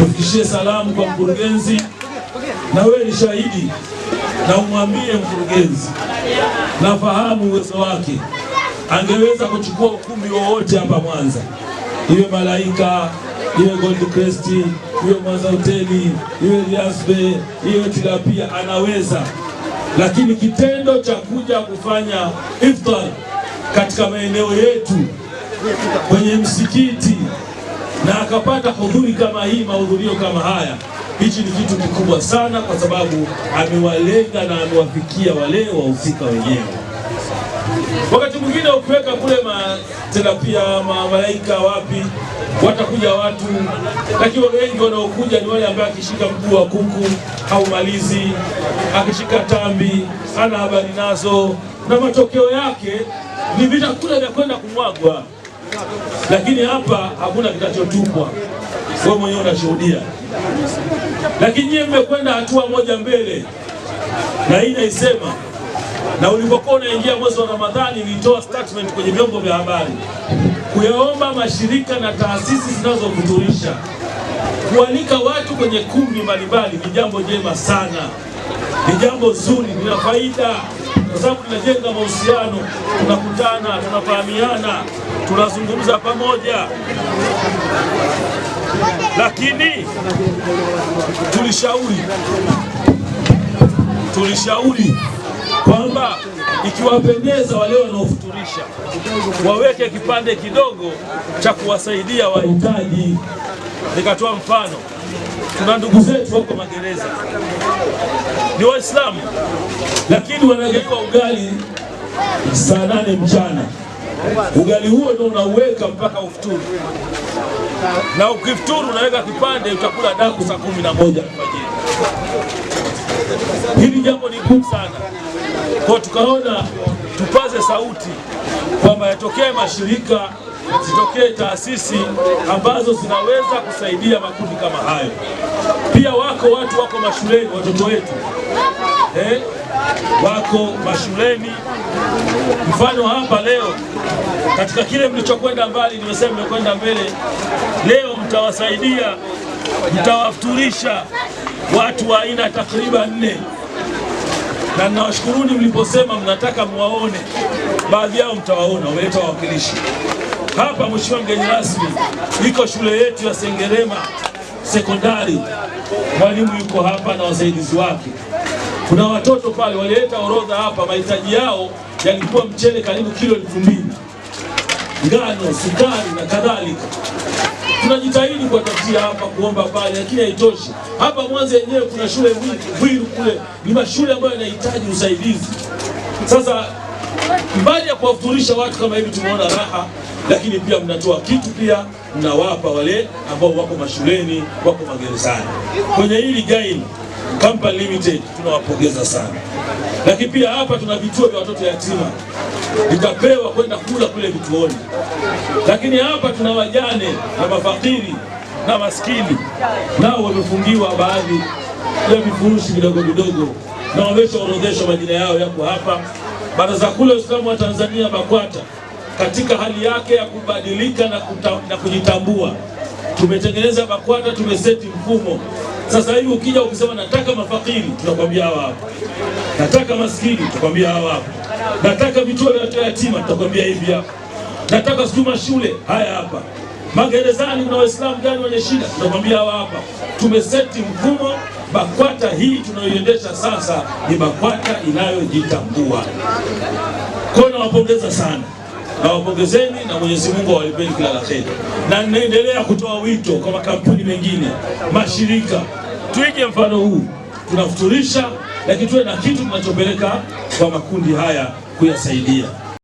tufikishie salamu kwa mkurugenzi, na wewe ni shahidi, na umwambie mkurugenzi, nafahamu uwezo wake, angeweza kuchukua ukumbi wowote hapa Mwanza, iwe Malaika, iwe Gold Crest, iwe Mwanza Hoteli, iwe Riasbe, iwe Tilapia, anaweza lakini kitendo cha kuja kufanya iftar katika maeneo yetu kwenye msikiti na akapata hudhuri kama hii, mahudhurio kama haya, hichi ni kitu kikubwa sana, kwa sababu amewalenga na amewafikia wale wahusika wenyewe. Wakati mwingine ukiweka kule materapia ma malaika wapi, watakuja watu, lakini wengi wanaokuja ni wale ambao akishika mguu wa kuku au malizi akishika tambi ana habari nazo, na matokeo yake ni vitakula vya kwenda kumwagwa lakini hapa hakuna kinachotupwa, wewe mwenyewe unashuhudia. Lakini nyie mmekwenda hatua moja mbele, na hii naisema, na ulipokuwa unaingia mwezi wa Ramadhani nilitoa statement kwenye vyombo vya habari kuyaomba mashirika na taasisi zinazofuturisha kualika watu kwenye kumbi mbalimbali. Ni jambo jema sana, ni jambo zuri, lina faida kwa sababu tunajenga mahusiano, tunakutana, tunafahamiana, tunazungumza pamoja, lakini tulishauri tulishauri kwamba ikiwapendeza wale wanaofuturisha waweke kipande kidogo cha kuwasaidia wahitaji. Nikatoa mfano, tuna ndugu zetu huko magereza, ni Waislamu lakini wanagaiwa ugali saa nane mchana. Ugali huo ndio unauweka mpaka ufuturu, na ukifuturu unaweka kipande, utakula daku saa kumi na moja alfajiri. Hili jambo ni gumu sana kwa, tukaona tupaze sauti kwamba yatokee mashirika zitokee taasisi ambazo zinaweza kusaidia makundi kama hayo. Pia wako watu wako mashuleni, watoto wetu eh? wako mashuleni. Mfano hapa leo katika kile mlichokwenda mbali, nimesema mmekwenda mbele, leo mtawasaidia, mtawafuturisha watu wa aina takriban nne, na ninawashukuruni mliposema mnataka mwaone baadhi yao, mtawaona umeleta wawakilishi hapa. Mheshimiwa mgeni rasmi, iko shule yetu ya Sengerema Sekondari, mwalimu yuko hapa na wasaidizi wake. Kuna watoto pale walileta orodha hapa, mahitaji yao yalikuwa mchele karibu kilo elfu mbili, ngano, sukari na kadhalika. Tunajitahidi kuwatafutia hapa, kuomba pale, lakini haitoshi. Hapa Mwanza yenyewe kuna shule Bwiru kule ni mashule ambayo yanahitaji usaidizi sasa Mbali ya kuwafurisha watu kama hivi, tumeona raha, lakini pia mnatoa kitu, pia mnawapa wale ambao wako mashuleni, wako magerezani. Kwenye hili Gain Company Limited tunawapongeza sana, lakini pia hapa tuna vituo vya watoto yatima vitapewa kwenda kula kule vituoni, lakini hapa tuna wajane na mafakiri na maskini, nao wamefungiwa baadhi ya vifurushi vidogo vidogo, na wameshaorodheshwa majina yao yako hapa. Baraza Kuu la Waislamu wa Tanzania BAKWATA katika hali yake ya kubadilika na, kuta, na kujitambua tumetengeneza BAKWATA, tumeseti mfumo sasa hivi. Ukija ukisema nataka mafakiri, tunakwambia hawa hapo, nataka maskini, tunakwambia hawa hapo, nataka vituo vya yatima, tunakwambia hivi hapo, nataka sijui mashule haya hapa, magerezani na waislamu gani wenye shida, tunakwambia hawa hapa. Tumeseti mfumo BAKWATA hii tunayoiendesha sasa ni BAKWATA inayojitambua. Kwa hiyo nawapongeza sana, nawapongezeni na Mwenyezi Mungu awalipeni kila la heri, na ninaendelea kutoa wito kwa makampuni mengine, mashirika, tuige mfano huu. Tunafuturisha, lakini tuwe na kitu tunachopeleka kwa makundi haya kuyasaidia.